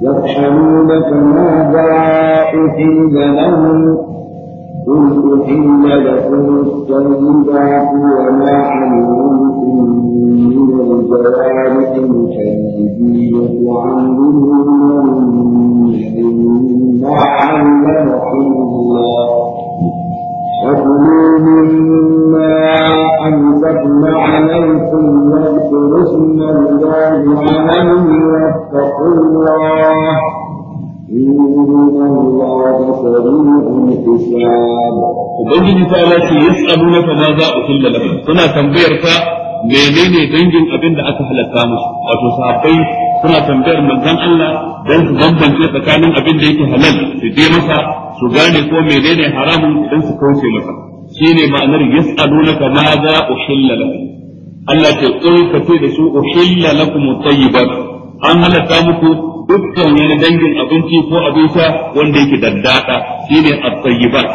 يسألونك ماذا أحل لهم قل أحل لكم الطيبات وما علمتم من الجوارح الكاذبين تعلمون من علمكم الله وكلوا مما أمسكنا عليكم واذكروا اسم الله عليه واتقوا الله Ubangiji ta ala ce yi tsabu na fama za a kulle lafi suna tambayar ta menene dangin abin da aka halatta musu wato sahabbai suna tambayar manzon Allah don su bambance tsakanin abin da yake halal su je masa su gane ko menene haramun idan su kauce maka shine ma'anar yas'alunaka ma za uhilla lakum Allah ce kul ka ce da su uhilla lakum tayyibat an halatta muku dukkan wani dangin abinci ko abinci wanda yake daddada shine at-tayyibat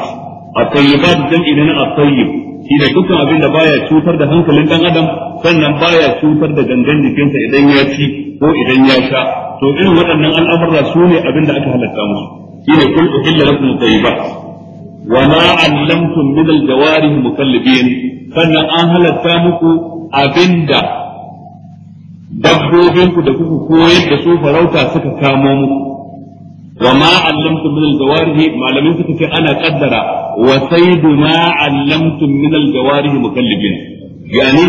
at-tayyibat dan idan at-tayyib shine dukkan abin da baya cutar da hankalin dan adam sannan baya cutar da gangan jikinsa idan ya ci ko idan ya sha to irin waɗannan al'amura su ne abin da aka halatta musu shine kul uhilla lakum tayyibat wa ma allamtum min al-jawarih mukallibin sannan an halarta muku abinda dabbobinku da kuka koyar da su farauta suka kamo muku وما علمتم من الجوارح ما لم يسك انا قدر وسيد ما علمتم من الجوارح مكلفين يعني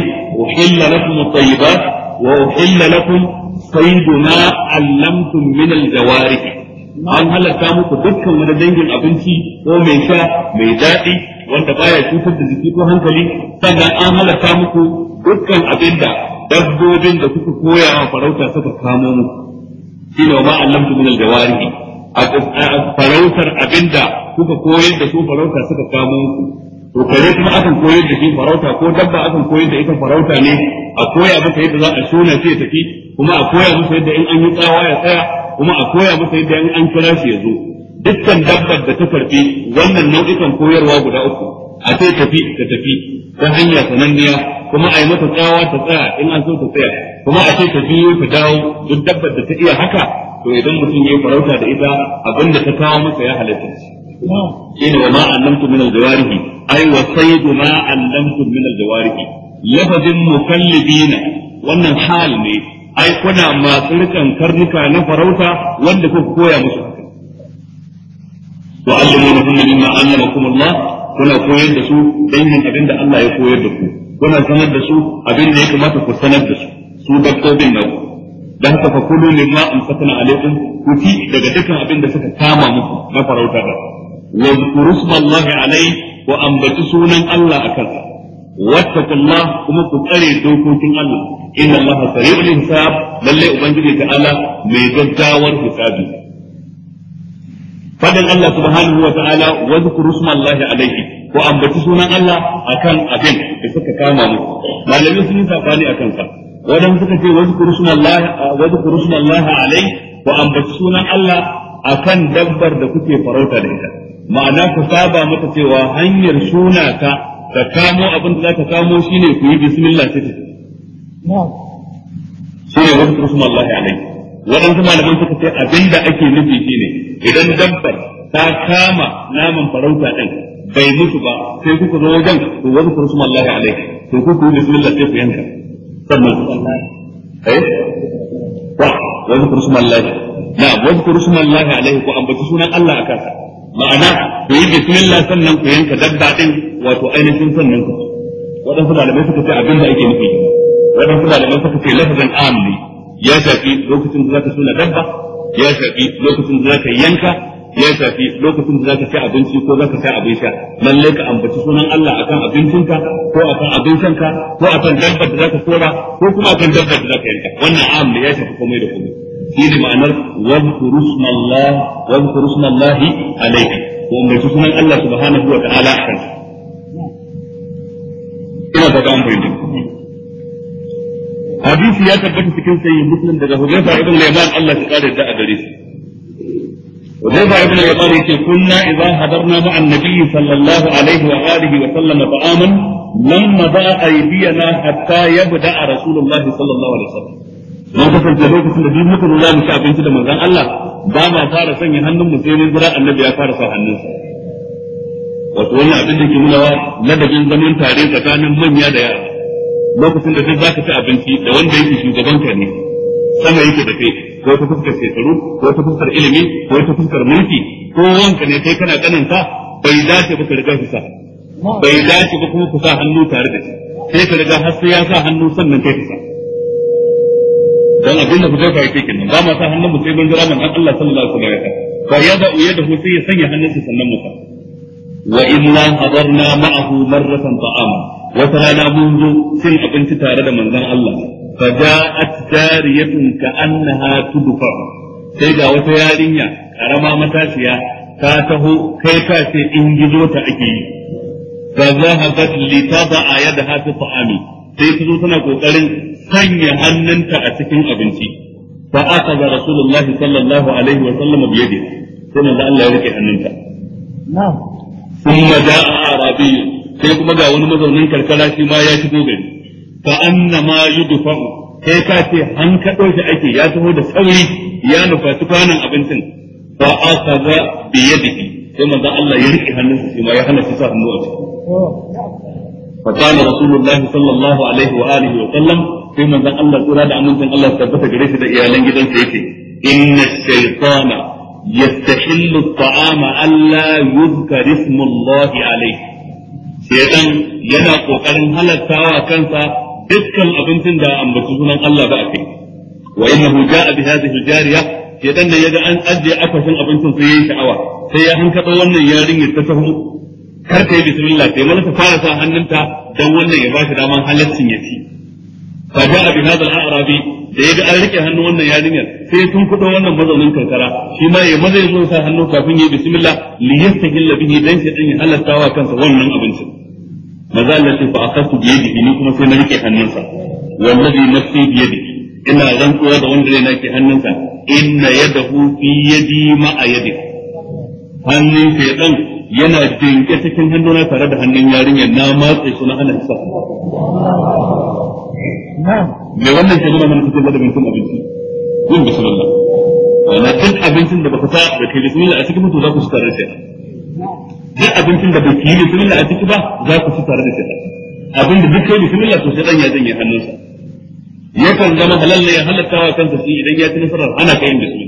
احل لكم الطيبات واحل لكم صيد ما علمتم من الجوارح an halatta muku dukkan wani dangin abinci ko mai sha mai daɗi wanda baya cutar da jiki ko hankali sannan an halatta muku dukkan abin da dabbobin da kuka koya wa farauta suka kamo mu shi ne ma al-jawari. A farautar abin da kuka koyar da su farauta suka kamo mu to kare kuma akan koyar da shi farauta ko dabba akan koyar da ita farauta ne a koya maka yadda za a shona sai tafi kuma a koya musu yadda in an yi tsawa ya tsaya kuma a koya masa yadda in an kira shi ya zo dukkan dabbar da ta karbi wannan nau'ikan koyarwa guda uku a ce tafi ta tafi ta hanya sananniya kuma a yi mata tsawa ta tsaya in an so ta tsaya kuma a ce ta biyo ta dawo duk dabbar da ta iya haka to idan mutum ya farauta da ita abinda ta kawo masa ya halatta shi ne wa ma allamtu min al-jawarihi ai wa sayyidu ma allamtu min al-jawarihi lafazin mukallibina wannan hal ne ai kuna masu rikan karnuka na farauta wanda kuka koya musu wa allama na mimma allamakum Allah kuna koyar da su yin abin da Allah ya koyar da ku kuna sanar da su abin da ya kamata ku sanar da su su dabbobin na ku da haka fa kulu mimma amsakna alaikum ku fi daga dukkan abin da suka kama muku na farauta da wa zkuru smallahi alai wa ambatu sunan Allah akan Wata wattaqullah kuma ku tsare dokokin Allah inna Allah sari'ul hisab lalle ubangiji ta Allah mai gaggawar hisabi Faɗin Allah subhanahu wa ta'ala wa zikru ismallahi alayhi ko ambaci sunan Allah akan abin da suka kama mu malamin sun yi sabani akan sa wadan suka ce wa zikru ismallahi wa ambaci sunan Allah akan dabbar da kuke farauta da ita ma'ana ku saba mata cewa hanyar suna ta ka kamo abin da za ka kamo shi ne ku yi bismillah ce. ta ne wasu turusun Allah alaihi waɗansu malaman suka ce abin da ake nufi ne. idan dabbar ta kama naman farauta ɗin bai mutu ba sai kuka zo wajen ku wasu turusun Allah alaihi Ko ku ku yi bismillah sai ku yanka sannan eh wa wasu turusun Allah na wasu rasulullahi Allah alaihi ku ambaci sunan Allah a kansa ma'ana ku yi bismillah sannan ku yanka dabba din wato ainihin sannan ku waɗansu malamai suka ce abin da ake nufi waɗansu malamai suka ce lafazin am ne ya shafi lokacin da zaka suna dabba ya shafi lokacin da zaka yanka ya shafi lokacin da zaka ci abinci ko zaka sha abin sha lalle ka ambaci sunan Allah akan abincinka ko akan abin shanka ko akan dabbar da zaka kora ko kuma akan dabbar da zaka yanka wannan am ne ya shafi komai da komai shine ma'anar wadhkuru ismallah wadhkuru ismallahi alayka ko mai sunan Allah subhanahu wa ta'ala kan ina ta kan bayyana hadisi ya tabbata cikin sayyid muslim daga hudayfa ibn yaman Allah ya kare da a gare shi hudayfa ibn yaman yake kunna idza hadarna ma'a an-nabi sallallahu alaihi wa alihi wa sallam ta'aman lamma ba'a aydiyana hatta yabda rasulullahi sallallahu alaihi wa sallam mun kasance lokacin da duk muka zo za mu ci abinci da manzon Allah ba ma fara sanya hannun mu sai ne jira annabi ya fara sa hannunsa wato wani abin da ke nuna wa ladabin zaman tare tsakanin manya da yara lokacin da duk ka ci abinci da wanda yake shugaban ka ne sama yake da kai ko ta fuskar shekaru ko ta fuskar ilimi ko ta fuskar mulki ko wanka ne kai kana kaninka bai dace ba ka riga kusa bai dace ba kuma ku sa hannu tare da shi sai ka riga har sai ya sa hannu sannan kai ka sa dan abin da kuka kai take nan ba ma sa hannun mu sai mun jira man Allah sallallahu alaihi wasallam fa yada da sai ya sanya hannunsa sannan mu sa wa inna hadarna ma'ahu marratan ta'ama wa rana mun zo cin abinci tare da manzon Allah fa ja'at jariyatun ka annaha tudfa sai ga wata yarinya karama matashiya ta taho kai ka ce in gizo ta ake yi fa zahabat li tada'a yadaha fi ta'ami sai ta zo tana kokarin sanya hannunta a cikin abinci fa aka ga rasulullah sallallahu alaihi wa sallam bi yadi sai manzo Allah ya rike hannunta na'am thumma ja'a arabi sai kuma ga wani mazaunin karkara shi ma ya shigo gari fa annama yudfa'u kai ka ce an kaɗo shi ake ya taho da sauri ya nufa kwanan abincin fa aka ga bi yadi sai manzo Allah ya rike hannunsa shi ma ya hana shi sa hannu a ciki oh. فكان رسول الله صلى الله عليه واله وسلم في من ذن الله قرا ده امنتن الله تبتا غريسه ده iyalan gidan sa yake ان الشيطان يستحل الطعام الا يذكر اسم الله عليه شيطان يدا kokarin halaltawa kansa dukkan abincin da ambaci sunan Allah ba kai وانه جاء بهذه الجاريه شيطان ne yaga an ajiye ajje akashin abincin sai yi sha'awa sai ya hankaba wannan yarinyar ta sahu kar ta yi bismillah sai wani ta fara sa hannunta don wannan ya bashi daman halaccin ya ci fa ja'a bi hadha al-a'rabi da yaga an rike hannu wannan yarinyar sai tun kudo wannan mazaunin karkara shi ma ya maza zo sa hannu kafin yi bismillah li yastahilla bihi dan shi dan ya halatta wa kansa wannan abincin maza Allah ce fa akasu bi yadihi ni kuma sai na rike hannunsa wallazi nafsi bi yadihi ina rantsuwa da wanda ne ke hannunsa inna yadahu fi yadi ma a yadi hannun shaytan yana dinke cikin hannuna tare da hannun yarinyar na matse su na ana sa me wannan ke nuna mana cikin ladabin sun abinci yin bismillah ana cin abincin da baka sa da kai bismillah a cikin mutu za ku su tare da shi duk abincin da baki yi bismillah a ciki ba za ku su tare da shi abin da duk kai bismillah to sai dan ya janye hannunsa yakan zama halal ne ya halatta wa kansa shi idan ya ci nasarar ana kai bismillah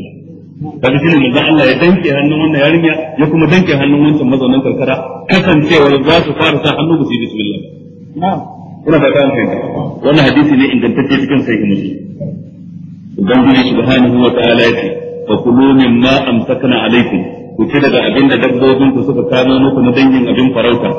kaga ne manzon Allah ya danke hannun wannan yarinya ya kuma danke hannun wancan mazaunan karkara kasancewa za su fara sa hannu ba su yi bismillah kuna da kan kai wannan hadisi ne ingantacce cikin sahih muslim ubangiji subhanahu wa ta'ala yace fa kulu mimma amsakna alaikum ku ci daga abin da dabbobin ku suka kano muku na dangin abin farauta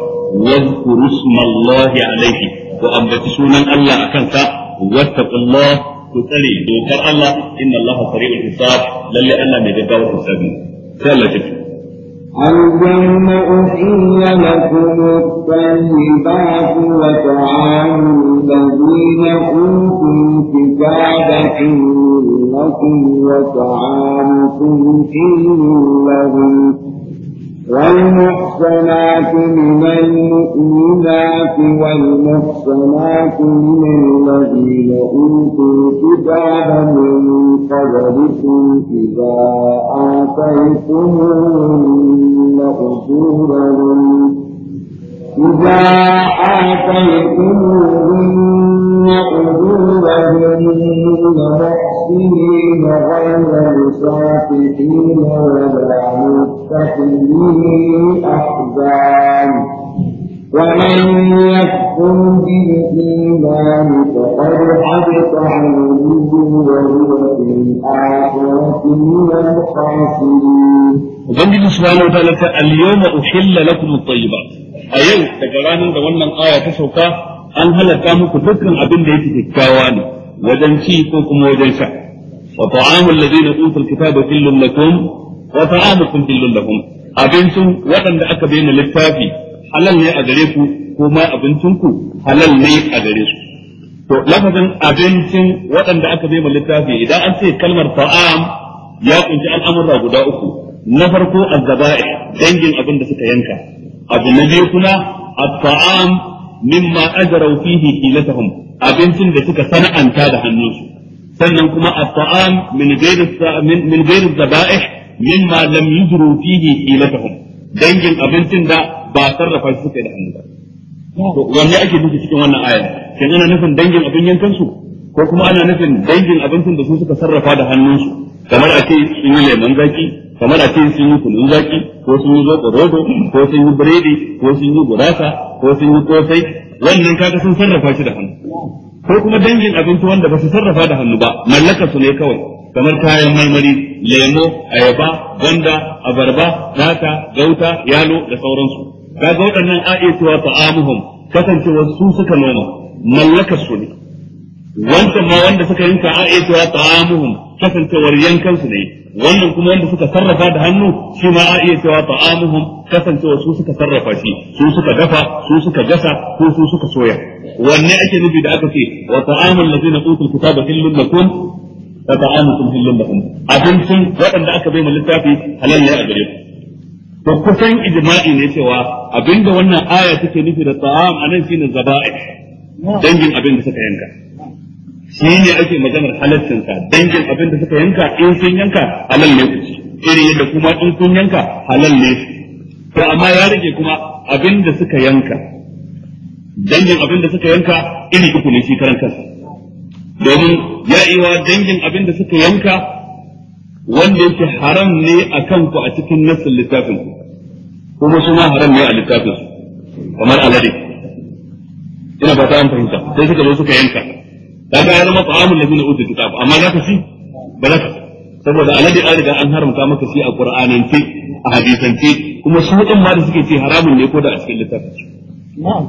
wadhkuru smallahi alaihi ku ambaci sunan Allah akan sa wattaqullah ku tsare dokar Allah inna Allah sari'ul hisab lalle Allah mai gaggawar hisabi sai Allah ya اليوم أحل لكم الطيبات وطعام الذين أوتوا الكتاب حل لكم وطعامكم حل لهم والمحصنات من المؤمنات والمحصنات من الذين أوتوا الكتاب من قبلكم إذا آتيتموهن أجورهن إذا آتيتموهن أجورهن محسنين غير مسافحين ولا متخذي أحزان ومن يكفر بالإيمان فقد حبط عمله وهو في الآخرة من الخاسرين. وبنجد سبحانه وتعالى اليوم أحل لكم الطيبات. a yau daga ranar da wannan aya ta sauka an halatta muku dukkan abin da yake kyakkyawa ne wajen ci ko kuma wajen sha wa na ladina utul kitaba kullun lakum wa ta'amukum kullun lakum abincin waɗanda aka bayyana littafi halal ne a gare ku abincin ku halal ne a gare su to lafazin abincin waɗanda aka bayyana littafi idan an ce kalmar ta'am ya kunshi al'amura guda uku na farko azzaba'i dangin abin da suka yanka abu na biyu kuma at-ta'am mimma ajraw fihi hilatahum abincin da suka sana'anta da hannunsu sannan kuma at-ta'am min ghairi min ghairi zaba'ih mimma lam yujru fihi hilatahum dangin abincin da ba sarrafa su suka da hannu ba to wanne ake nufi cikin wannan aya kin ana nufin dangin abin yankansu? ko kuma ana nufin dangin abincin da su suka sarrafa da hannunsu kamar a ce sun yi lemon zaki kamar a ce sun yi kunun zaki ko sun yi zoɓo rodo ko sun yi biredi ko sun yi gurasa ko sun yi kosai wannan kaga sun sarrafa shi da hannu ko kuma dangin abinci wanda ba su sarrafa da hannu ba mallakar su ne kawai kamar kayan marmari lemo ayaba gwanda abarba nata gauta yalo da sauransu kaga waɗannan a iya cewa ta'amuhum kasancewar su suka noma mallakar su ne wancan ma wanda suka yanka a iya cewa ta'amuhum kasancewar yankansu ne wannan kuma wanda suka sarrafa da hannu shi ma a iya cewa ta'amuhum kasancewa su suka sarrafa shi su suka dafa su suka gasa ko su suka soya wanne ake nufi da aka ce wa ta'amul ladina utul kitaba illun lakum wa ta'amukum illun lakum abincin waɗanda aka bai mu littafi halal ne a gare ku to kusan ijma'i ne cewa abinda wannan aya take nufi da ta'am anan shine zaba'i dangin abin da suka yanka shi ne ake maganar ka dangin abin da suka yanka in sun yanka halal ne ku iri yadda kuma in sun yanka halal ne to amma ya rage kuma abin da suka yanka dangin abin da suka yanka iri uku ne shi karan kansa domin ya iwa dangin abin da suka yanka wanda yake haram ne a kanku a cikin nassin littafin kuma suna ma haram ne a littafin kamar alade ina ba ta an fahimta sai suka zo suka yanka kaga ya zama ta'amul ladina duka kitab amma za ka fi ba za ka saboda alade an riga an haramta maka shi a qur'anance a hadisance kuma su din ma da suke ce haramun ne ko da a cikin littafin na'am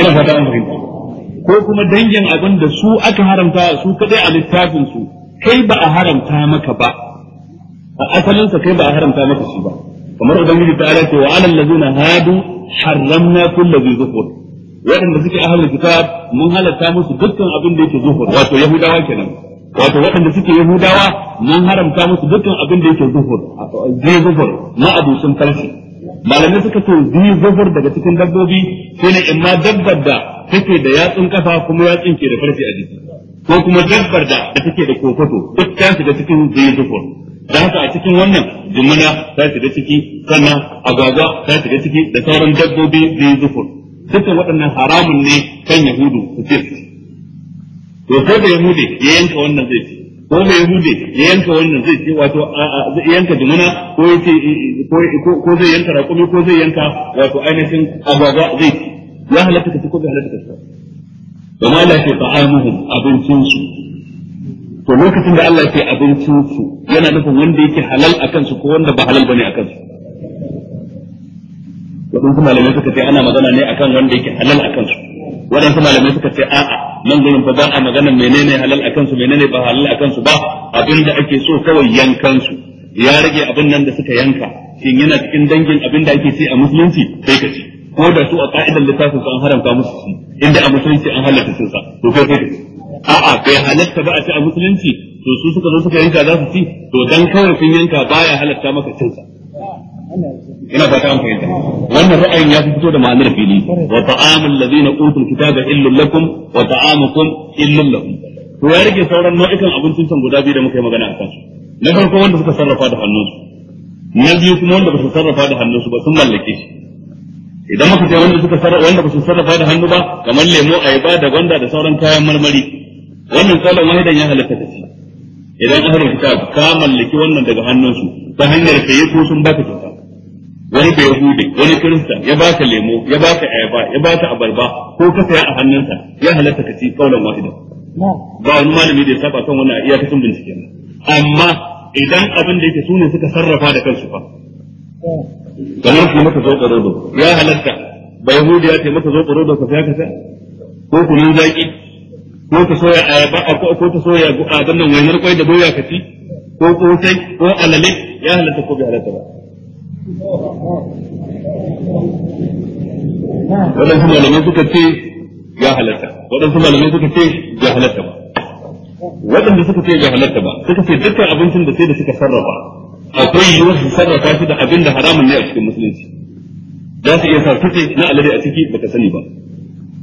ina fata an fahimta ko kuma dangin abin da su aka haramta su kadai a littafin su kai ba a haramta maka ba a asalin sa kai ba a haramta maka shi ba kamar ubangiji ta ala ce wa alal ladina hadu harramna kullu bi zukur waɗanda suke ahlul kitab mun halatta musu dukkan abin da yake zuhur wato yahudawa kenan wato waɗanda suke yahudawa mun haramta musu dukkan abin da yake zuhur zai zuhur na sun farshi malamai suka ce zai zuhur daga cikin dabbobi sai ne imma dabbar da take da yatsun kafa kuma yatsun ke da farfi a jiki ko kuma dabbar da take da kofato duk ta shiga cikin zai zuhur da haka a cikin wannan jumana ta shiga ciki sannan agwagwa ta shiga ciki da sauran dabbobi zai zuhur dukkan waɗannan haramun ne kan yahudu su ce to sai da yahudi ya yanka wannan zai ci ko da yahudi ya yanka wannan zai ci wato zai yanka jimina ko ya ce ko zai yanka raƙumi ko zai yanka wato ainihin agwagwa zai ci ya halatta ka ci ko bai halatta ka ci ba ma la ce ta'amuhum abincinsu to lokacin da Allah ke abincinsu yana nufin wanda yake halal a kansu ko wanda ba halal bane a kansu waɗansu malamai suka ce ana magana ne akan wanda yake halal akan su waɗansu malamai suka ce a'a nan gurin fa ba a magana menene halal akan su menene ba halal akan su ba abin da ake so kawai yankan su ya rage abin nan da suka yanka shin yana cikin dangin abin da ake ci a musulunci sai ka ci ko da su a ka'idar littafin an haramta musu shi inda a musulunci an halatta sun sa to kai kai a'a bai halatta ba a ci a musulunci to su suka zo suka yanka za su ci to dan kawai sun yanka baya halatta maka cin sa ina fata an fahimta wannan ra'ayin ya fito da ma'anar fili wa ta'amul ladina utul kitaba illal lakum wa ta'amukum illal lahum to ya rike sauran nau'ikan abincin can guda biyu da muka yi magana a kansu na farko wanda suka sarrafa da hannunsu na biyu kuma wanda ba su sarrafa da hannunsu ba sun mallake shi idan muka ce wanda suka sarrafa wanda ba su sarrafa da hannu ba kamar lemo ayaba da gwanda da sauran kayan marmari wannan kaulan wahidan ya halatta da shi idan ahlul kitab ka mallaki wannan daga hannunsu ta hanyar saye ko sun baka kyauta wani bai hude wani kirista ya ba ka lemo ya ba ka ayaba ya ba ka abarba ko ka saya a hannunsa ya halatta ka ci kaulan wahida ba wani malami da ya saba kan wannan iya kasan bincike amma idan abin da yake sune suka sarrafa da kansu fa kamar ku mata zo da ya halatta ba yahudi ya ce mata zo da ka saya ka sa ko kunun zaki ko ta soya ayaba ko ta soya abin nan wainar kwai da boya ka ci ko kosai ko alale ya halatta ko bai halatta ba waɗansu malamai suka ce ya halatta waɗansu malamai suka ce ya halatta ba waɗanda suka ce ya halatta ba suka ce dukkan abincin da sai da suka sarrafa akwai yiwuwar su sarrafa shi da abin da haramun ne a cikin musulunci za su iya sa kitse na alade a ciki baka sani ba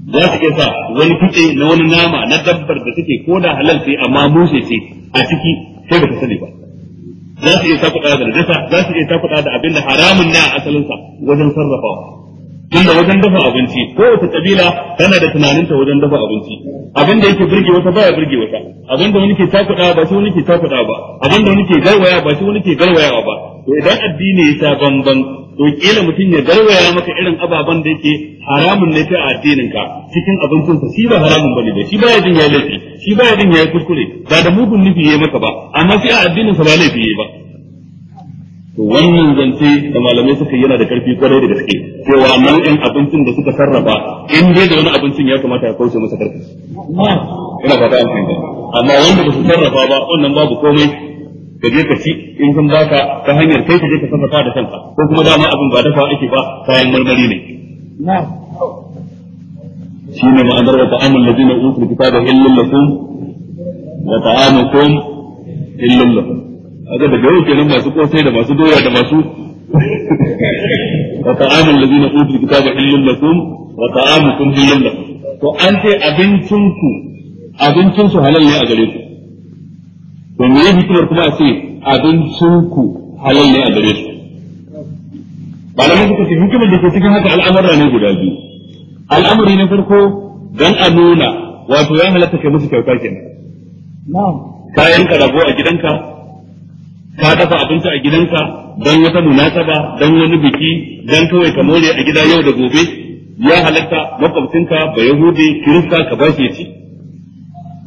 za su iya sa wani kitse na wani nama na dabbar da suke ko da halal sai amma mushe ce a ciki sai baka sani ba za su iya takuɗa da najasa za su iya takuɗa da abin da haramun ne a asalinsa wajen sarrafawa tunda wajen dafa abinci ko wata kabila tana da tunaninta wajen dafa abinci abin da yake burge wata baya burge wata abin da wani ke takuɗa ba shi wani ke takuɗa ba abin da wani ke garwaya ba shi wani ke garwayawa ba to idan addini ya sha bamban to kila mutum ya garwaya maka irin ababen da yake haramun ne ta a addinin ka cikin abincinsa sa shi ba haramun bane ba shi ba ya jin ya laifi shi ba ya jin ya kuskure ba da mugun nufi yayi maka ba amma sai a addinin sa ba laifi yayi ba to wannan zance da malamai suka yana da karfi kwarai da gaske cewa nau'in abincin da suka sarrafa in dai da wani abincin ya kamata ya kauce masa karfi ina fata an fahimta amma wanda ba su sarrafa ba wannan babu komai ka je ka ci in ba baka ta hanyar kai ka je ka safata da kanka ko kuma dama abin ba dafa ake ba kayan marmari ne shi ne ma'anar wa ta'amul ladina utul kitaba illal lakum wa ta'amukum illal lakum aga daga yau kenan masu kosai da masu doya da masu wa ta'amul ladina utul kitaba illal lakum wa ta'amukum illal lakum to an ce abincinku abincinsu halal ne a gare ku wanda hikimar kuma a ce abincin ku halal ne a gare su Ba malamai suka ce hikimar da ke cikin haka al'amura ne guda biyu al'amari na farko don a nuna wato ya halatta kai musu kyauta kenan kayan ka a gidanka ka dafa abinci a gidanka don wata munasaba don wani biki don kawai ka more a gida yau da gobe ya halatta makwabcinka ba yahudi kirista ka ba ke ci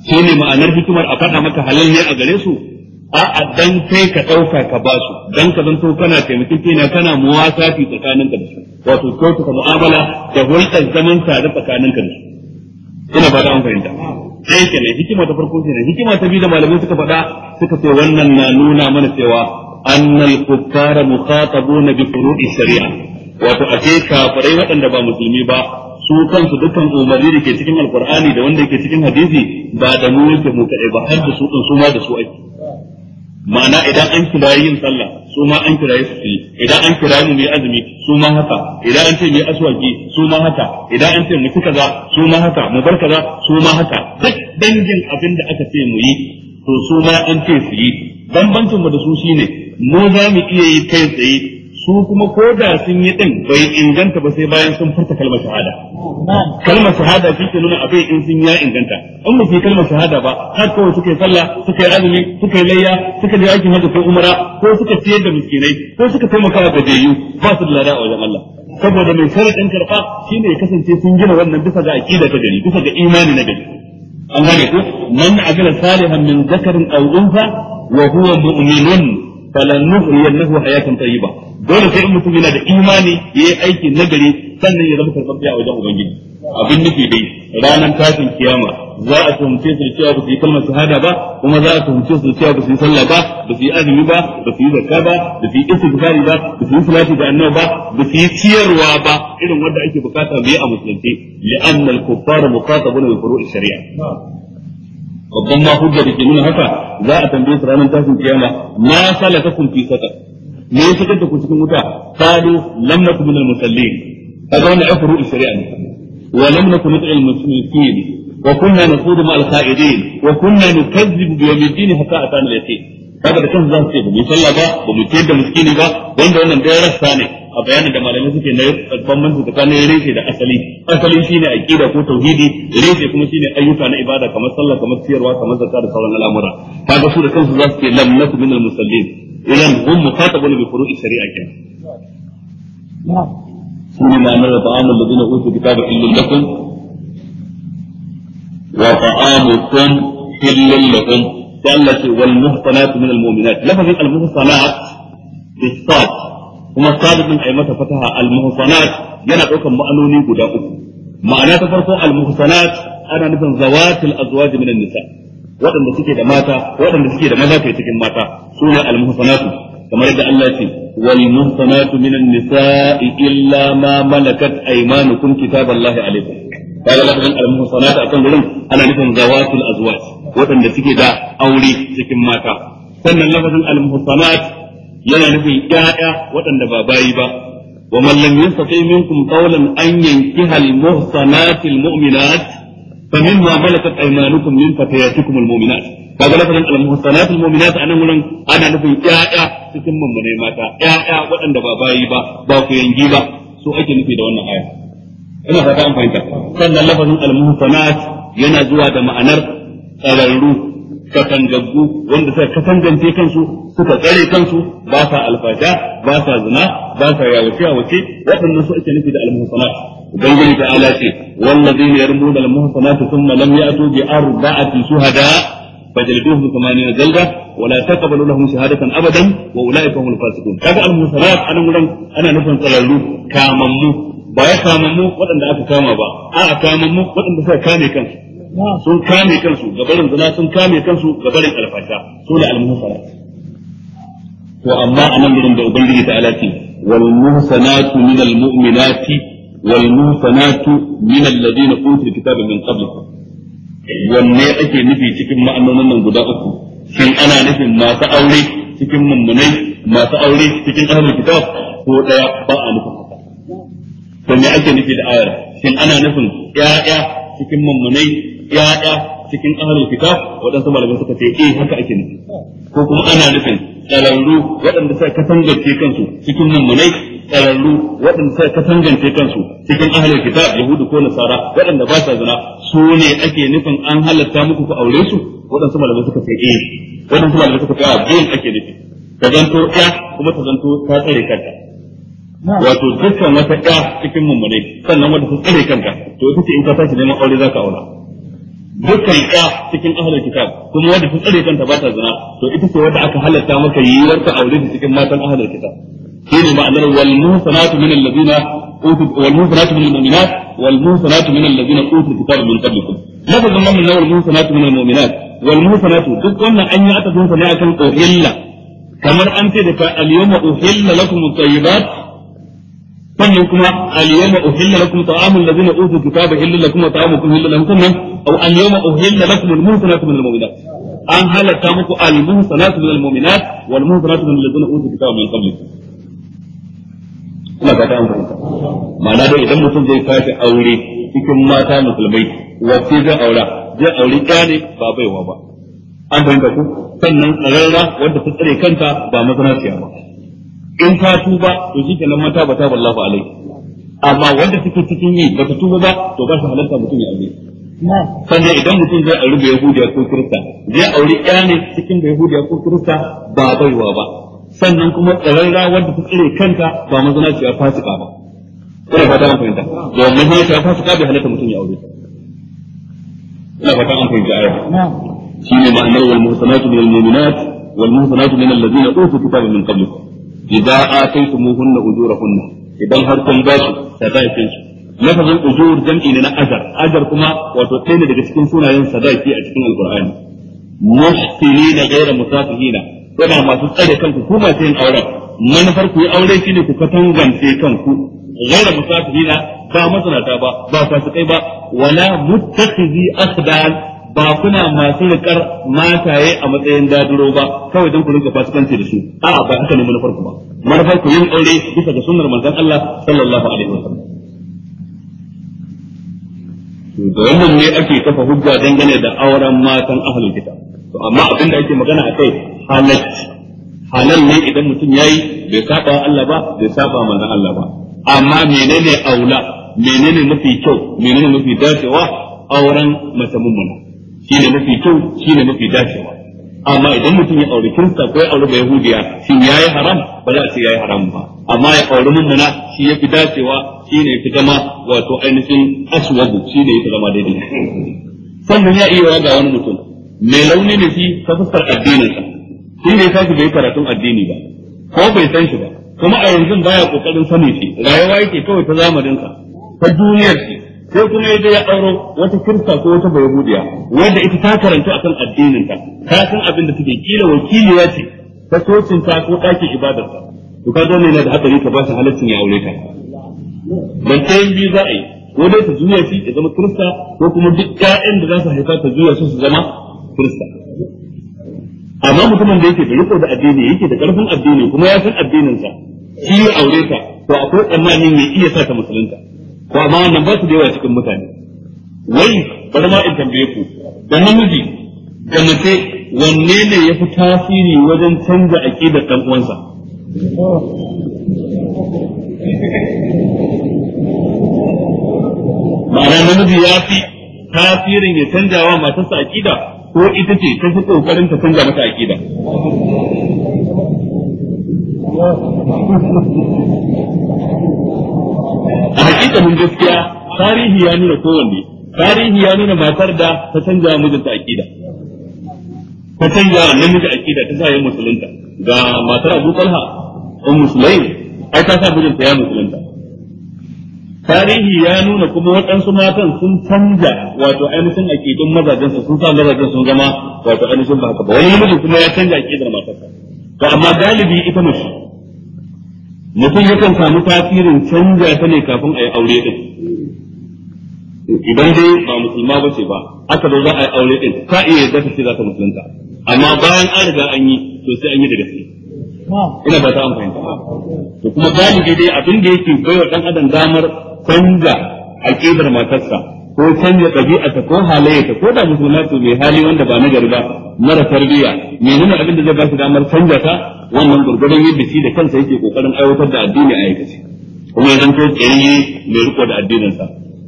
ne ma'anar hikimar a faɗa maka halal ne a gare su a'a dan kai ka ɗauka ka ba su dan ka zanto kana kina kana tsakanin ka da su wato kyautata mu'amala da hulɗar zaman tare ka da su ina ba da an fahimta sai ke ne hikima ta farko ne hikima ta biyu da malamai suka faɗa suka ce wannan na nuna mana cewa annal kuffara mukhatabuna bi furu'i shari'a wato a ce kafirai waɗanda ba musulmi ba su kansu dukkan umarni da ke cikin alkur'ani da wanda ke cikin hadisi ba da mu mu kaɗai ba har da su ɗin su da su ake ma'ana idan an kira yin sallah su ma an kira su yi idan an kira mu mai azumi su ma haka idan an ce mai aswaki su ma haka idan an ce mu ci kaza su ma haka mu bar kaza su ma haka duk dangin abin da aka ce mu yi to su ma an ce su yi bambancin mu da su shine mu za mu iya yi kai tsaye su kuma ko da sun yi din bai inganta ba sai bayan sun furta kalmar shahada kalmar shahada shi nuna abin in sun ya inganta in ba su yi kalmar shahada ba har kawai suka yi sallah suka yi azumi suka yi layya suka je aikin hajji ko umara ko suka ciyar da miskinai ko suka taimaka wa gajeyu ba su da lada a wajen Allah saboda mai sharadin karfa shine ya kasance sun gina wannan bisa ga aqida ta gari bisa ga imani na gari an gane ku? man amila salihan min zakarin aw unsa wa huwa mu'minun فلنحيينه حياة ba. dole sai in mutum yana da imani ya yi aiki nagari sannan ya zama karɓar a wajen ubangiji abin nufi dai ranar tashin kiyama za a tuhumce su cewa ba su yi kalmar shahada ba kuma za a tuhumce su cewa ba su yi sallah ba ba su yi azumi ba ba su yi zakka ba ba su yi istighfari ba ba su yi salati da annabi ba ba su yi ciyarwa ba irin wanda ake bukata mu yi a musulunci li'anna al-kuffara muqatabuna bi furu'i shari'a babban ma hujja da ke nuna haka za a tambaye su ranar tashin kiyama ma salakakum fi sakar me ya fitar da ku cikin wuta qalu lam nakum minal musallin kaga wannan ya furu shari'a ne wa lam nakum minal musallin wa kunna nasudu al qa'idin wa kunna nukazzibu bi yawmid din hatta atana al-yaqin kaga da kan za su ce ba mu sallah ba ba mu tayar da muskini ba wanda wannan da rasta ne a bayanin da malamai suke na bambanci tsakanin reshe da asali asali shine aqida ko tauhidi reshe kuma shine ayyuka na ibada kamar sallah kamar siyarwa kamar zakka da sauran al'amura kaga su da kansu za su ce lam nakum minal musallin idan hum muqatabuna bi furu'i shari'a kin shine ma'anar ta'amul ladina utu kitaba illal lakum wa ta'amukum illal lakum dallati wal muhsanatu min al mu'minat lafazin al muhsanat bisat kuma mata fataha al yana ɗaukar ma'anoni guda uku ma'ana ta farko al muhsanat ana nufin zawatil azwaj min nisa' waɗanda suke da mata waɗanda suke da maza kai cikin mata sune al-muhsanatu kamar yadda Allah ya ce wal muhsanatu minan nisa'i illa ma malakat aymanukum kitaballahi alaikum kaga lafazin al akan gurin ana nufin zawatul azwaj waɗanda suke da aure cikin mata sannan lafazin al yana nufin ƴaƴa waɗanda ba bayi ba ومن لم يستطع منكم قولا an ينكح المحصنات المؤمنات ما ملكت ايمانكم من فتياتكم المؤمنات kaga lafazin al-muhsanat al-mu'minat anan wurin ana nufin ƴaƴa cikin mummune mata ƴaƴa waɗanda ba bayi ba ba ku yangi ba so ake nufi da wannan aya ina fata an fahimta sannan lafazin al-muhsanat yana zuwa da ma'anar tsararru katangaggu wanda suka katangance kansu suka tsare kansu ba sa alfada ba sa zina ba sa yawace yawace waɗannan su ake nufi da almuhsanat ubangiji da ala ce wallazina yarmuna almuhsanat thumma lam yatu bi arba'ati shuhada fajlidhum thamanina jalda wa la taqbalu lahum shahadatan abadan wa ulaika humul fasiqun kaga almuhsanat anan gudan ana nufin tsalalu kamammu ba ya kamammu waɗanda aka kama ba a'a kamammu waɗanda suka kame kansu sun kame kansu gabarin zina sun kame kansu gabarin alfasha su da almuhsana to amma a nan gurin da ubangiji ta alati wal muhsanatu min al mu'minati wal muhsanatu min alladhina utul kitaba min qablikum wanne ake nufi cikin ma'anonin nan guda uku shin ana nufin masu aure cikin mummunai masu aure cikin ahlul kitab ko daya ba a nufin haka to me ake nufi da ayar shin ana nufin ƴaƴa cikin mummunai ya'ya cikin ahlul kitab waɗansu malamin suka ce eh haka ake nufi ko kuma ana nufin tsararru waɗanda suka katangance kansu cikin mummunai tsararru waɗanda suka katangance kansu cikin ahlul kitab yahudu ko nasara waɗanda ba sa zina su ne ake nufin an halatta muku ku aure su waɗansu malamin suka ce eh waɗansu malamin suka ce a ah, biyan ake nufi ta zanto ya kuma ta zanto ta tsare kanta wato dukkan wata ɗaya cikin mummunai sannan wanda ta tsare kanta to ita ce in ka tashi neman aure za ka aura dukkan ka cikin ahlul kitab kuma wanda ta tsare kanta ba ta zina to ita ce wanda aka halatta maka yiwuwar ta aure ta cikin matan ahlul kitab shine ma'anar wal muhsanatu min alladhina utul wal muhsanatu min almu'minat wal muhsanatu min alladhina utul kitaba min qablikum lafazin nan na wal muhsanatu min almu'minat wal muhsanatu duk wannan an yi aka dunsa ne akan uhilla kamar an ce da fa al yawma uhilla lakum at-tayyibat sannan kuma al-yawma uhilla lakum ta'amul ladina utu kitaba illa lakum wa ta'amukum illa lakum sannan aw al-yawma uhilla lakum al-muhsanatu min al-mu'minat an halatta muku al-muhsanatu min al-mu'minat wal muhsanatu min ladina utu kitaba min qablikum ina fata an fahimta ma'ana dai idan mutum zai kashi aure cikin mata musulmai wacce zai aura zai aure ɗaya ne ba baiwa ba an fahimta ku sannan tsararra wadda ta tsare kanta ba mazanaciya ba in ta tuba to shi kenan mata ba ta wallahu alai amma wanda take cikin yi ba ta tuba ba to ba shi halarta mutum ya aure sannan idan mutum zai aure yahudiya ko kirista zai aure ɗaya ne cikin yahudiya ko kirista ba baiwa ba sannan kuma tsararra wanda ta tsire kanta ba mazinaciya fasika ba Ina fata an fahimta domin mazinaciya fasika bai halarta mutum ya aure ina fata an fahimta Shi ne ma'anar wal muhsanatu minal mu'minat wal muhsanatu minal ladina utu kitaba min qablikum idza ataytumuhunna ujurahunna idan har kun ba su sadaqin su lafazin ujur jam'i ne na ajar ajar kuma wato ɗaya daga cikin sunayen sadaqi a cikin alqur'ani mushkilina ghayra musafihina kuna masu tsare kanku ku masu yin auren manufar ku yi aure shine ku katangance kanku ghayra musafihina ba masanata ba ba kai ba wala muttakhidhi akhdan ba kuna masu rikar mataye a matsayin daduro ba kawai don ku rinka fasikanci da su a'a ba haka ne manufar ku ba manufar ku yin aure bisa ga sunnar manzon Allah sallallahu alaihi wasallam da wannan ne ake kafa hujja dangane da auren matan ahlul kitab to amma abin da ake magana akai kai halal ne idan mutum yayi bai saba Allah ba bai saba manzon Allah ba amma menene aula menene mafi kyau menene mafi dacewa auren mace mummuna Shi ne mafi kyau shi ne mafi dacewa amma idan mutum ya auri, kirista ko ya aure mai yahudiya shi ya yi haram ba za a ce ya yi haram ba amma ya aure mummuna shi ya fi dacewa shi ne fi zama wato ainihin aswadu ya fi zama daidai sannan ya iya ga wani mutum mai launi ne shi ta fuskar addininsa shi ne sake bai karatun addini ba ko bai san shi ba kuma a yanzu baya kokarin sanin shi rayuwa yake kawai ta zamaninsa ta duniyar shi sai kuma ya ya auro wata kirista ko wata bai budiya wanda ita ta karanta akan addinin ta ta san abin da take kila wakiliya ce ta socin ta ko ɗakin ibadar ta to ka ne na da hatsari ka ba shi halaccin ya aure ta dan yin biyu za a yi ko dai ta juya shi ya zama kirista ko kuma duk ƴaƴan da za su haifa ta juya su su zama kirista amma mutumin da yake da riko da addini yake da karfin addini kuma ya san addinin sa shi ya aure ta to akwai tsammanin mai iya sa ta musulunta ko amma wannan ba su da yawa cikin mutane wai bari ma in tambaye ku da namiji da mace wanne ne ya fi tasiri wajen canza aƙidar ɗan uwansa ma'ana namiji ya fi tasirin ya canza wa matarsa aƙida ko ita ce ta fi ƙoƙarin ta canza mata aƙida a hakikanin gaskiya tarihi ya nuna kowanne tarihi ya nuna matar da ta canja mijinta akida ta canja namiji akida ta sa yin musulunta ga matar Abu Talha um musulmai ai ta sa mijinta ya musulunta tarihi ya nuna kuma waɗansu matan sun canja wato ainihin akidun mazajensu sun sa mazajen sun zama wato ainihin ba haka ba wani namiji kuma ya canja akidar matarsa to amma galibi ita mace mutum yakan samu tasirin canja ta ne kafin a yi aure ɗin. idan dai ba musulma ba ce ba aka zo za a yi aure ɗin ta iya yadda ta ce za ta musulunta amma bayan an riga an yi to sai an yi da gaske ina ba ta amfani ta to kuma galibi dai abin da yake baiwa ɗan adam damar canja aƙidar matarsa ko canza ɗabi'ata ko halayyata ko da musulma to mai hali wanda ba nagari ba mara tarbiyya menene abin da zai ba su damar canja ta wannan gurgurdan yadda shi da kansa yake kokarin aiwatar da addini a aikace kuma ya zanto tsayayye mai riko da addininsa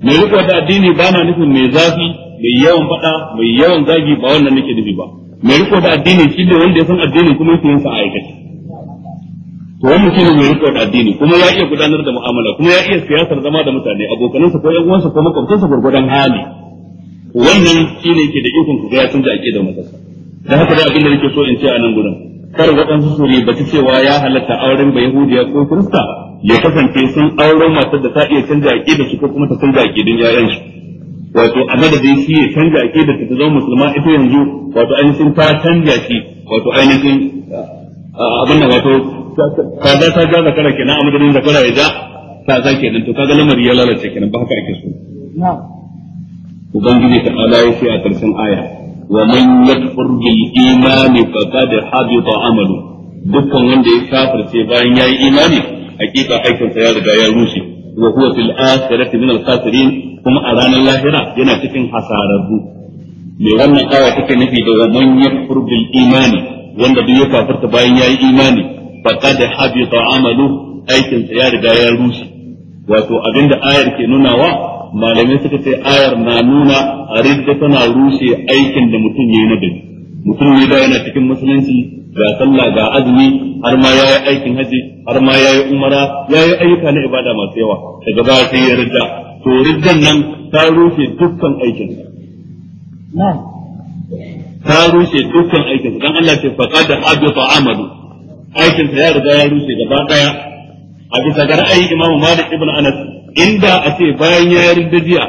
mai riko da addini ba na nufin mai zafi mai yawan faɗa mai yawan zagi ba wannan nake nufi ba mai riko da addini shi ne wanda ya san addinin kuma yake yin sa a aikace to wannan mai riko da addini kuma ya iya gudanar da mu'amala kuma ya iya siyasar zama da mutane abokanansa ko ƴan uwansa ko makwabtansa gurgurdan hali wannan shine yake da ikon ku ga ya canza da matasa da haka da abin da nake so in ce a nan gurin kar waɗansu su ribaci cewa ya halatta auren ba yahudiya ko kirista ya kasance sun auren matar da ta iya canza aqidar su ko kuma ta canza aqidin ƴaƴansu wato a madadin shi ya canza aqidar ta zama musulma ita yanzu wato ainihin ta canza shi wato ainihin abin da wato kaza ta ja zakara kenan a madadin zakara ya ja kenan to kaga lamari ya lalace kenan ba haka ake so ubangiji ta ala ya ce a karshen aya wa man yakfur bil imani faqad habita amalu dukkan wanda ya kafirce bayan yayi imani hakika sa ya riga ya rushe wa huwa fil akhirati min al khasirin kuma a ranar lahira yana cikin hasararru me wannan aya take nufi da wa man yakfur bil imani wanda duk ya kafirta bayan yayi imani faqad habita amalu aikin sa ya riga ya rushe wato abinda ayar ke nunawa malamai suka ce ayar na nuna ridda tana rushe aikin da mutum yayi na gari mutum ne da yana cikin musulunci ga sallah ga azumi har ma yayi aikin haji har ma yayi umara yayi ayyuka na ibada masu yawa daga baya sai ya ridda to riddan nan ta rushe dukkan aikin ta rushe dukkan aikinsa dan Allah ce da abu habita Amadu. aikinsa ya riga ya rushe gaba daya a bisa ga ra'ayin Imam Malik ibn Anas inda a ce bayan ya yi jiya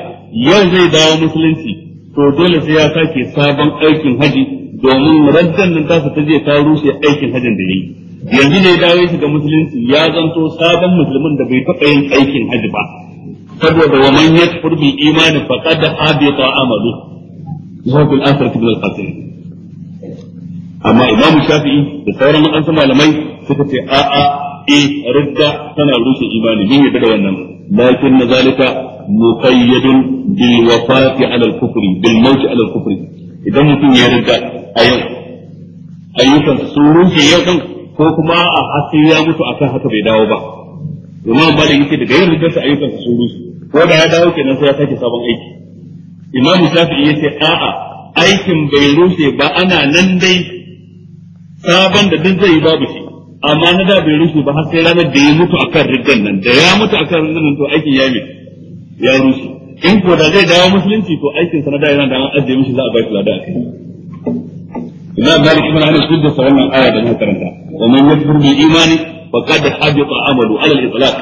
yau zai dawo musulunci to dole sai ya sake sabon aikin haji domin raddan nan tasa ta je ta rushe aikin hajin da yayi yanzu ne dawo shi ga musulunci ya zanto sabon musulmin da bai taɓa yin aikin haji ba saboda wa man yakfur bi imani faqad habita amalu wa fil akhirati min al khasirin amma imamu shafi'i da sauran an malamai suka ce a'a a eh, e ridda tana rushe imani min yadda da wannan lakin na zalika muqayyadun bil wafati ala al kufri bil mawt ala al kufri idan mutum ya ridda a yau ayyukan sun rushe ko kuma a hasi ya mutu akan haka bai dawo ba imam malik yake daga yin ridda ayyukan sun rushe ko da ya dawo kenan sai ya sake sabon aiki imam ya ce a'a aikin bai rushe ba ana nan dai sabon da duk zai babu shi amma na da bai rushe ba har sai ranar da ya mutu akan riddan nan da ya mutu akan riddan nan to aikin ya ya rushe in ko da zai dawo musulunci to aikin sa na da yana da an ajiye mishi za a bai kula da akai Imam Malik ibn Anas duk da wannan aya da muka karanta wa man yakfur bil imani faqad habita amalu ala al-itlaq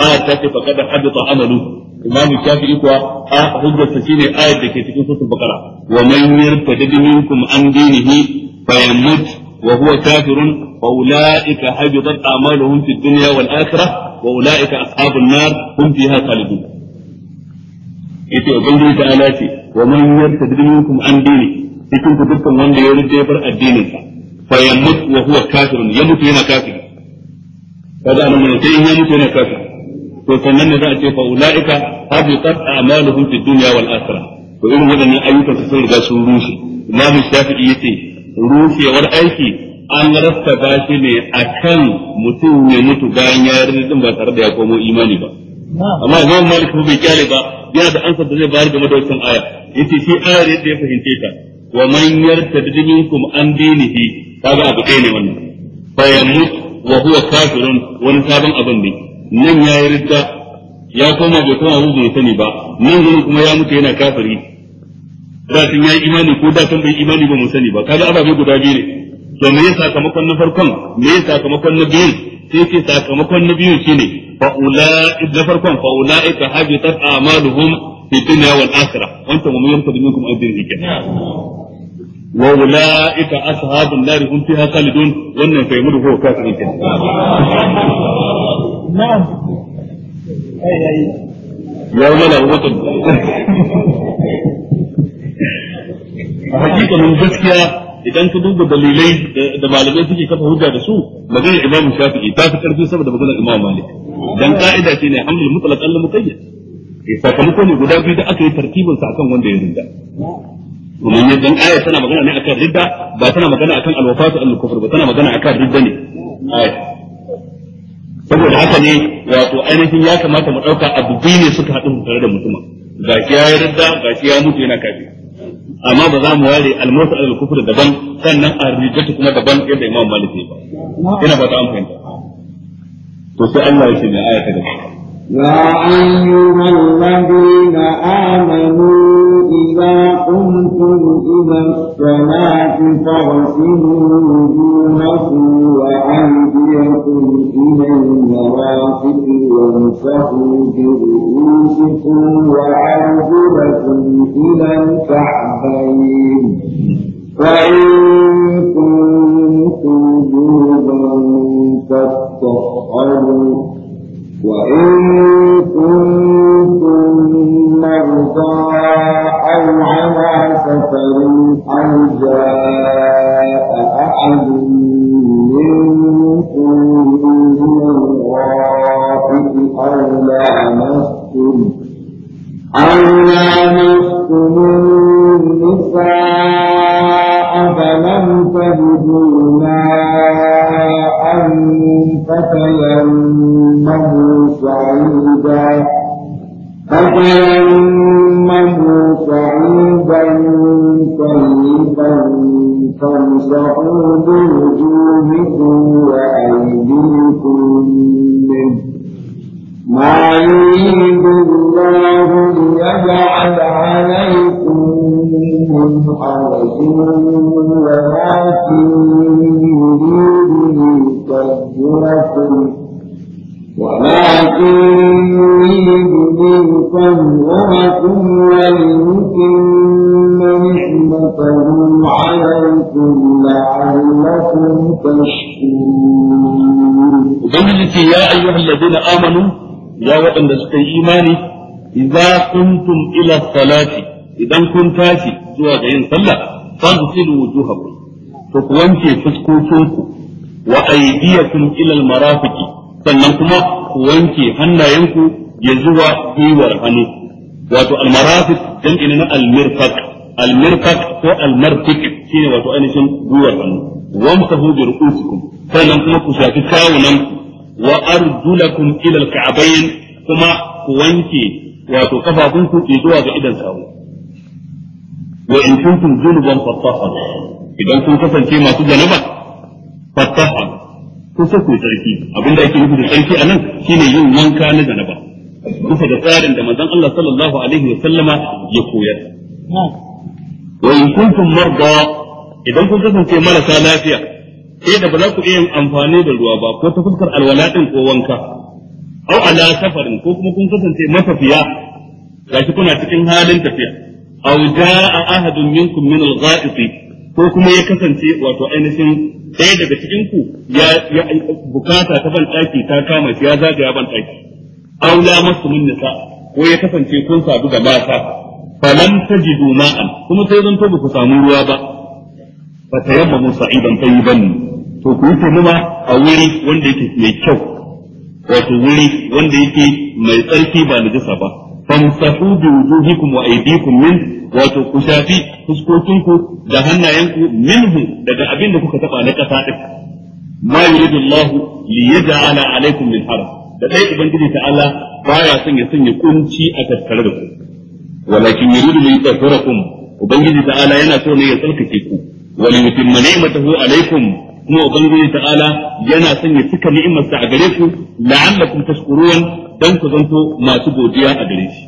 aya ta ce faqad habita amalu imam shafi'i kuwa a hujjar sa shine ayat da ke cikin sura bakara wa man yartadid minkum an dinihi fayamut wa huwa kafirun fa ulaika habitat a'maluhum fid dunya wal akhirah wa ulaika ashabun nar hum fiha khalidun yace ubangiji ta ala ce wa man yartadid minkum an dini cikin ku dukkan wanda ya rike bar addinin sa fayamut wa huwa kafirun ya mutu yana kafiri kaga annabi ne sai ya mutu yana kafiri to sannan ne za a ce fa ulaika habitat a'maluhum fid dunya wal akhirah to irin waɗannan ayyukan su sun riga sun rushe imamu shafi'i yace rushewar aiki an rattaba shi ne akan mutum ya mutu bayan ya rinjin ba tare da ya komo imani ba amma imam malik bai kyale ba yana da ansa da zai bayar game da wannan aya yace shi ayar yadda ya fahimce ta wa man yartad minkum an dinihi kaga abu ɗaya ne wannan fa yamut wa huwa kafirun wani sabon abin ne nan ya yi ridda ya koma bai koma mu bai sani ba nan gurin kuma ya mutu yana kafiri da sun ya imani ko da sun bai imani ba mu sani ba kaga ababe guda biyu ne to me ya sakamakon na farkon me ya sakamakon na biyun sai ce sakamakon na biyun shine fa ula'i na farkon fa ula'ika habitat a'maluhum fi dunya wal akhirah wanta mu yantadu minkum ajrin hikam wa ula'ika ashabun nar hum fiha khalidun wannan fa yamudu huwa kafirun na'am ai ai yau mana mutum a hakikanin gaskiya idan ka duba dalilai da malamai suke kafa hujja da su maganar imamu shafi'i ta fi karfi saboda maganar imamu malik dan ka'ida ce ne hamdul mutlaq al muqayyad eh, sakamako ne guda biyu da aka yi tartibin sa akan wanda ya rinda domin yadda ayar tana magana ne akan ridda ba tana magana akan alwafatu al kufr ba tana magana akan ridda ne saboda haka ne wato ainihin ya kamata mu ɗauka abu biyu ne suka haɗu tare da mutuma ga shi ya yarda ga ya mutu yana kafi amma ba za mu ware almautu al kufur daban sannan arrijatu kuma daban yadda imam malik ya ba ina ba ta amfani to sai Allah ya ce mai ayata ba يا أيها الذين آمنوا إذا قمتم إلى الصلاة فاغسلوا وجوهكم وأيديكم إلى المرافق وامسحوا برؤوسكم وأرجلكم إلى الكعبين فإن كنتم جنبا فاستطهروا وإن كنتم مرضى أو على سفر أو جاء أحد منكم من الغائب أو لامستم أو لامستم suka yi imani idza kuntum ila salati idan kun tashi zuwa ga yin sallah fasilu wujuhakum to ku wanke fuskokinku wa aydiyakum ila almarafiqi sannan kuma ku wanke hannayenku ya zuwa gwiwar hannu wato almarafiq jam'i na almirfaq almirfaq ko almarfiq shine wato ainihin gwiwar hannu wamsahu bi ru'usikum sannan kuma ku shafi kawunan wa arjulakum ila alka'bayn kuma ku wanke wato kafafun ku zuwa ga idan sawu wa in kuntum junuban fattahu idan kun kasance masu janaba fattahu ku sako sarki abinda ake nufi da sarki anan shine yin wanka na janaba bisa ga tsarin da manzon Allah sallallahu alaihi wa sallama ya koyar wa in kuntum marda idan kun kasance marasa lafiya sai da ba za ku iya amfani da ruwa ba ko ta fuskar alwala din ko wanka au ala safarin ko kuma kun kasance matafiya gashi kuna cikin halin tafiya aw jaa ahadun minkum min al-gha'iti ko kuma ya kasance wato ainihin ɗaya daga cikin ku ya bukata ta ban ɗaki ta kama shi ya zagaya ban ɗaki aw la masumun nisa ko ya kasance kun sadu da mata falam tajidu ma'an kuma sai zan to ku samu ruwa ba fa tayammamu sa'idan tayyiban to ku yi tumuma a wuri wanda yake mai kyau wato wuri wanda yake mai tsarki ba jisa ba famsahu bi wujuhikum wa aydikum min wato ku shafi fuskokinku da hannayenku minhu daga abin da kuka taba na kasa din ma yuridu Allah li yaj'ala alaykum min haraj da dai ubangiji Allah baya son ya sanya kunci a tattare da ku walakin yuridu li yutahhirakum ubangiji Allah yana so ne ya tsarkake ku wa li yutimma ni'matahu alaikum kuma ubangiji ta'ala yana son ya cika sa a gare ku la'allakum tashkurun dan ku zanto masu godiya a gare shi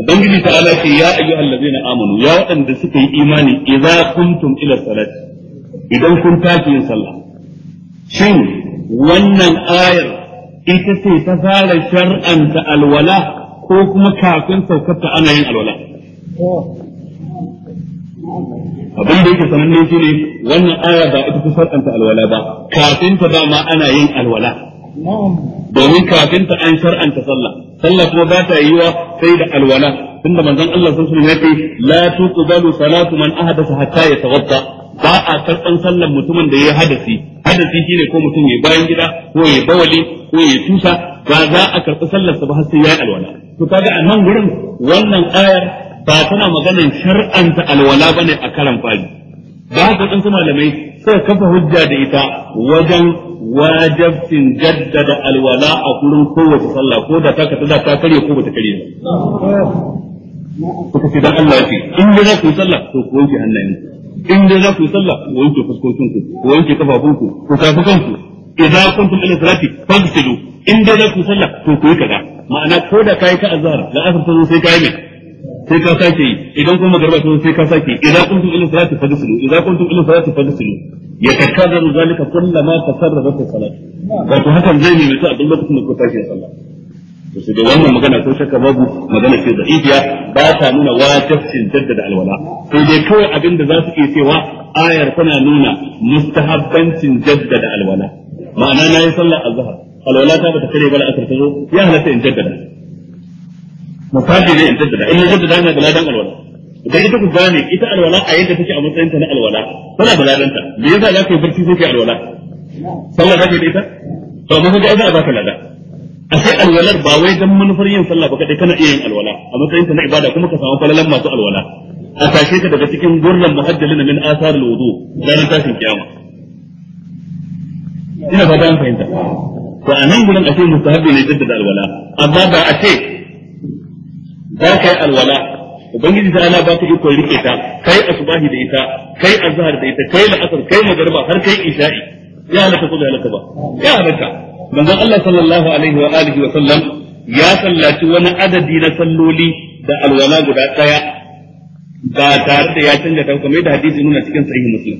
ubangiji ta'ala ce ya ayyuhal amanu ya waɗanda suka yi imani idza kuntum ila salati idan kun tafi yin sallah shin wannan ayar ita ce ta fara shar'anta alwala ko kuma kafin saukarta ana yin alwala oh. abin da yake sananne shi ne wannan aya ba ita ta shar'anta alwala ba kafin ta ba ma ana yin alwala domin kafin ta an shar'anta sallah sallah kuma ba ta yiwa sai da alwala tunda manzon Allah sun ya ce la tuqbalu salatu man ahdatha hatta yatawadda ba a karban sallar mutumin da ya hadasi hadasi shine ko mutum ya bayan gida ko ya bawali ko ya tusa ba za a karɓi sallarsa ba har sai ya alwala to kaga a nan gurin wannan ayar ba tana maganan shar'anta alwala bane a karan fari da haka ɗan su malamai sai kafa hujja da ita wajen wajabcin jaddada alwala a kurin kowace sallah ko da taka ta ta karye ko bata karye ba kuka ce dan Allah ce in dai za ku sallah to ku wanke hannayen in dai za ku sallah ku wanke fuskokin ku ku wanke kafafun ku ku kafa kanku idan kuntum ila salati fagsilu in dai za ku sallah to ku yi kaza ma'ana ko da kai ka azhar la asr sai kai mai sai ka sake yi idan kuma magarba ta sai ka sake yi idan kuntum ila salati fadsilu idan kuntum ila salati fadsilu ya takadaru zalika kullama tasarrafa salatu wato hakan zai ne mutu a duk lokacin da ka sake sallah to sai da wannan magana ko shakka babu magana ce da'ifiya ba ta nuna wajibcin jaddada alwala sai dai kawai abin da za su iya cewa ayar tana nuna mustahabbancin jaddada alwala ma'ana na yi sallar azhar alwala ta bata kare ba la'asar ta zo ya halatta in jaddada misali ne in jaddada in da ina da ladan alwala idan ita ku gane ita alwala a yadda take a matsayin ta na alwala tana da ladan ta me yasa za ka yi barci sai ka alwala sallah za ka yi da ita to amma kaga ita ba ka lada a sai alwalar ba wai dan manufar yin sallah ba kadai kana iya yin alwala a matsayin ta na ibada kuma ka samu falalan masu alwala a tashe ka daga cikin gurran muhajjalin min asarul wudu ranar tashin kiyama ina fata an fahimta to a nan gurin a ce mustahabi ne jaddada alwala amma ba a ce za ka yi alwala ubangiji ta ana ba ka ikon rike ta kai asubahi da ita kai azhar da ita kai la'asar kai magarba har kai isha'i ya halaka ko bai halaka ba ya halaka manzon Allah sallallahu alaihi wa alihi wa sallam ya sallaci wani adadi na salloli da alwala guda daya ba tare da ya canza ta kamar da hadisi nuna cikin sahihi muslim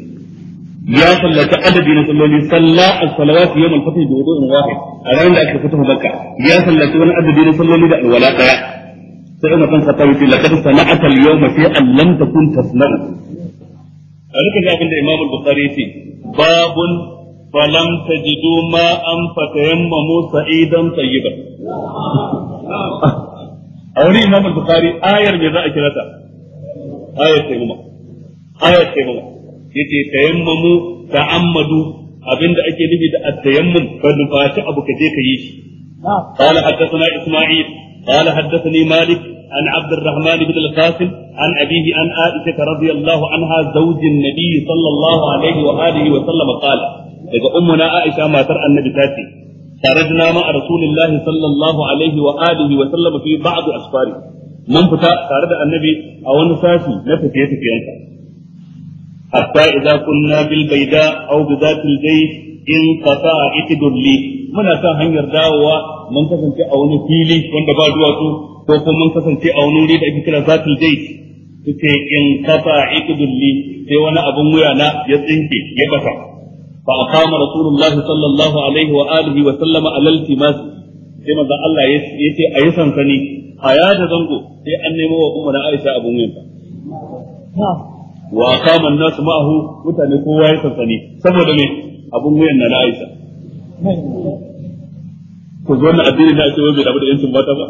ya sallaci adadi na salloli salla as-salawat yawm al-fath bi wudu'in wahid a ranar da aka fito Makka ya sallaci wani adadi na salloli da alwala daya sai Umar dan Khattab yace laqad sana'aka al-yawma shay'an lam takun tasna'u a rika ga abin da Imam Bukhari yace babun falam tajidu ma an fatayammamu sa'idan tayyiban a wani Imam Bukhari ayar me za a kira ta ayar tayyuma ayar tayyuma yace tayammamu ta'ammadu abinda ake nufi da at-tayammum fa nufaci abu kaje ka yi shi قال حدثنا Isma'il. قال حدثني مالك عن عبد الرحمن بن القاسم عن أبيه عن عائشة رضي الله عنها زوج النبي صلى الله عليه وآله وسلم قال إذا أمنا عائشة ما ترى النبي تاتي خرجنا مع رسول الله صلى الله عليه وآله وسلم في بعض أسفاره من فتا تارد النبي أو نساسي نفسي يتفينك حتى إذا كنا بالبيداء أو بذات الجيش انقطع إتدر لي muna kan hanyar dawowa mun kasance a wani fili wanda ba duwatsu ko kuma mun kasance a wani wuri da ake kira zatul dai yace in kafa ikdulli sai wani abin wuya na ya tsinke ya kasa fa aqama rasulullah sallallahu alaihi wa alihi wa sallama alal timas sai manzo Allah yace ayi sansani haya da zango sai an nemo wa umma Aisha abun wuyansa wa aqama an-nas ma'ahu mutane kowa ya sansani saboda me abun wuyan na Aisha ko zo na addini na ce wani bai rabu da yancin mata ba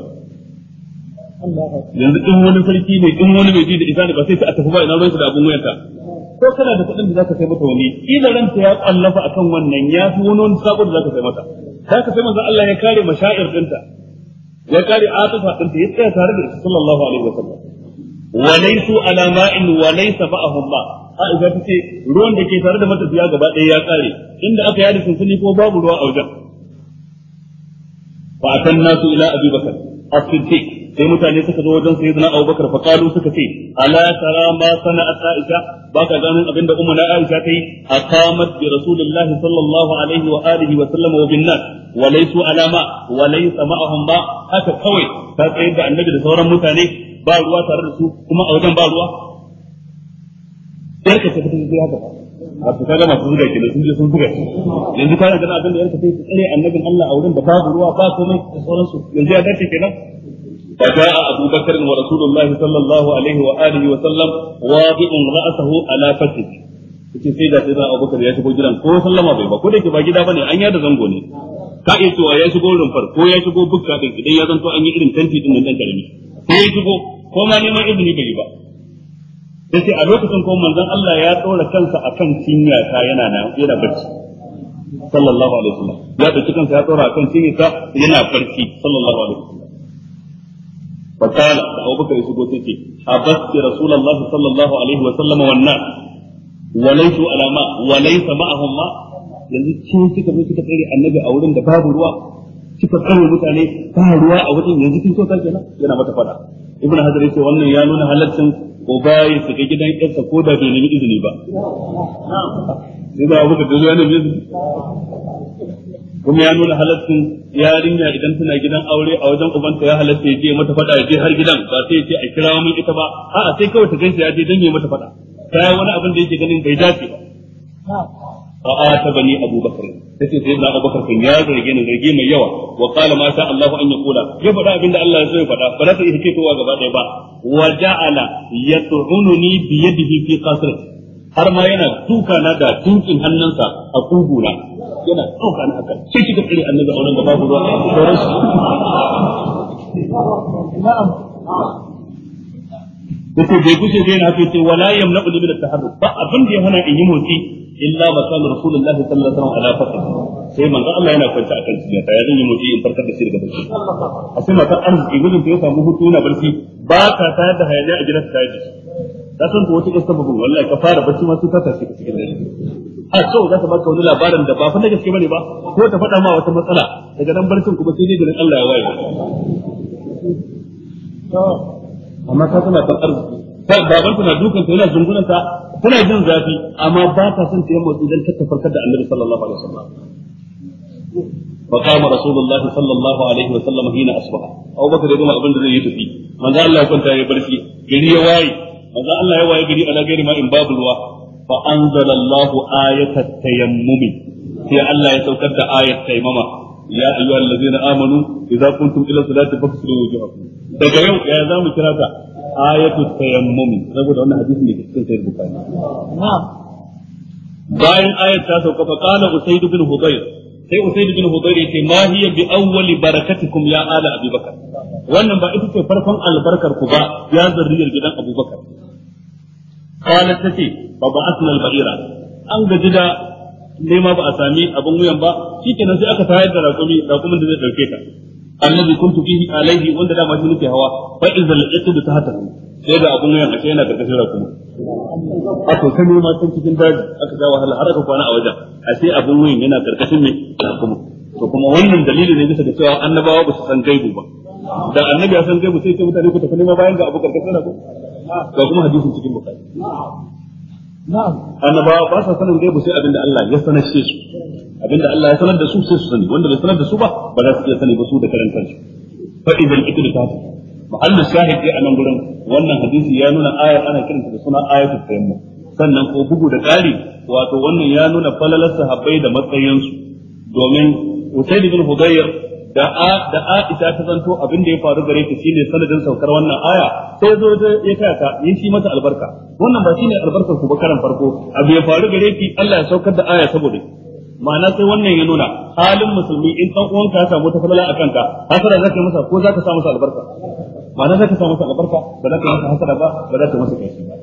yanzu in wani sarki ne in wani mai ji da isa ne ba sai ta tafi ba ina ruwan da abun wayanta ko kana da kuɗin da zaka kai mata wani kila ranta ya kwallafa akan wannan ya fi wani wani sabo da zaka kai mata zaka sai manzon Allah ya kare mashair dinta ya kare atafa dinta ya tsaya tare da sallallahu alaihi wasallam walaisu ala ma'in walaysa ba'ahum ba Aisha ta ce ruwan da ke tare da matafiya gaba ɗaya ya kare inda aka yada sunsuni ko babu ruwa a wajen fa kan nasu ila abi bakar as-siddiq sai mutane suka zo wajen sayyidina abubakar fa qalu suka ce ala tara ma sana'at aisha baka ganin abinda ummu na aisha ta yi aqamat bi rasulillahi sallallahu alaihi wa alihi wa sallam wa bin nas alama walaisa ma'ahum ba haka kawai ta tsayar da annabi da sauran mutane ba ruwa tare da su kuma a wajen ba ruwa yarka ta zai haka a su kaga masu zuga da sun je sun zuga yanzu kana gana abin da yarka sai su tsare annabin Allah a wurin da babu ruwa ba nan da sauransu yanzu ya dace kenan فجاء أبو بكر ورسول الله صلى الله عليه وآله وسلم واضع رأسه على فكه cikin sai da sai Abu Bakar ya shigo gidan ko sallama bai ba ko da ba gida an yada zango ne ka iya cewa ya shigo rumfar ko ya shigo bukka idan ya zanto an yi irin tanti din nan dan sai ya shigo ko ma neman izini bai ba sai ce a lokacin ko manzon Allah ya tsora kansa akan cinya ta yana na yana barci sallallahu alaihi wasallam ya dauki kansa ya tsora kan cinya ta yana barci sallallahu alaihi wasallam fakala da Abubakar ya shigo sai ce abasti rasulullahi sallallahu alaihi wasallam wannan walaitu alama walaisa ma'ahum ma yanzu cikin kika zo kika tsare annabi a wurin da babu ruwa kifar tsare mutane ba ruwa a wajen yanzu kin so ta kenan yana mata fada ibnu hazar yace wannan ya nuna halaccin ubayi su shiga gidan yarsa ko da bai nemi izini ba sai ba abuka da zuwa nemi izini kuma ya nuna halaccin yarinya idan tana gidan aure a wajen ubanta ya halatta ya je mata fada ya je har gidan ba sai ya ce a kira mun ita ba a'a sai kawai ta gaisa ya je dan ya mata fada kai wani abin da yake ganin bai dace ba fa atabani abubakar tace sai na abubakar kan ya zarge ni zarge mai yawa wa qala ma sha Allah an yaqula ya faɗa abinda Allah ya so ya faɗa ba za ta yi fitowa gaba ɗaya ba wa ja'ala yat'ununi bi yadihi fi kasar har ma yana tukana da dukin hannunsa a kuguna yana duka na haka sai kika tsire annabi auren da babu ruwa sauransu na'am yace bai kushe bai na ce wala yamna'u li bil taharruk ba abin da ya hana in yi motsi illa ma kana rasulullahi sallallahu alaihi wasallam ala fakr sai manzo Allah yana kwance a kan cinya ya zan yi motsi in farkar da shi daga barci a sai mata arziki gudun ta ya samu hutu yana barci ba ta tayar da hayaniya a gidan ta yi ka san ko wata kasta babu wallahi ka fara barci ma sai ta tashi cikin dare a so za ta baka wani labarin da ba fa na gaske bane ba ko ta faɗa ma wata matsala daga nan barcin kuma sai dai gidan Allah ya waye amma na tana arziki dukan ta yana zungunanta, tana jin zafi amma ba ta son ta yi motsi dan ta farkar da Annabi sallallahu alaihi wasallam فقام رسول الله صلى الله عليه وسلم حين اصبح او بكر يقوم ابن ذي يتفي من ذا الله كنت يا برشي غري يواي من ذا الله يواي غري على غير ما ان باب الوا فانزل الله ايه التيمم sai Allah ya saukar da ayat taimama ya ayyuhal ladzina amanu idza kuntum ila salati faghsilu wujuhakum daga yau ya zamu kira ta ayatu tayammum saboda wannan hadisi ne cikin sahih bukhari bayan ayat ta sauka fa qala usayd bin hudayr sai usayd bin hudayr yace ma hiya bi awwali barakatikum ya ala abubakar wannan ba ita ce farkon albarkar ku ba ya zurriyar gidan abubakar qalat tace fa ba'athna al-ba'ira an gaji da nema ba a sami abin wuyan ba shi kenan sai aka tayar da rakumi rakumin da zai dauke ta annabi kuntu fihi alaihi wanda da ma shi nake hawa fa idza al-iqdu tahta sai da abin wuyan ashe yana karkashin rakumi a to sai nema tun cikin daji aka ga wahala har aka kwana a wajen ashe abin wuyan yana karkashin me rakumi to kuma wannan dalili ne bisa da cewa annabawa ba su san gaibu ba da annabi ya san gaibu sai ce mutane ku tafi nema bayan ga abu karkashin rakumi ga kuma hadisin cikin bukhari annabawa ba sa sanin gaibu sai abinda Allah ya sanar shi su abinda Allah ya sanar da su sai su sani wanda bai sanar da su ba ba za su iya sani ba su da karan kansu fa idan ikri ta mahallu shahid dai a nan gurin wannan hadisi ya nuna ayar ana kiranta da suna ayatul tayammum sannan ko bugu da ƙari wato wannan ya nuna falalar sahabbai da matsayinsu domin Usaid bin Hudayr da da Aisha ta zanto abin da ya faru gare ta shine sanadin saukar wannan aya sai zo ya kaya ka yi shi mata albarka wannan ba shine albarkar ku ba karan farko abu ya faru gare ki Allah ya saukar da aya saboda ma'ana sai wannan ya nuna halin musulmi in dan uwanka ya samu tafalala a kanka hasara zaka masa ko zaka sa masa albarka ma'ana zaka sa masa albarka ba zaka masa hasara ba ba zaka masa kai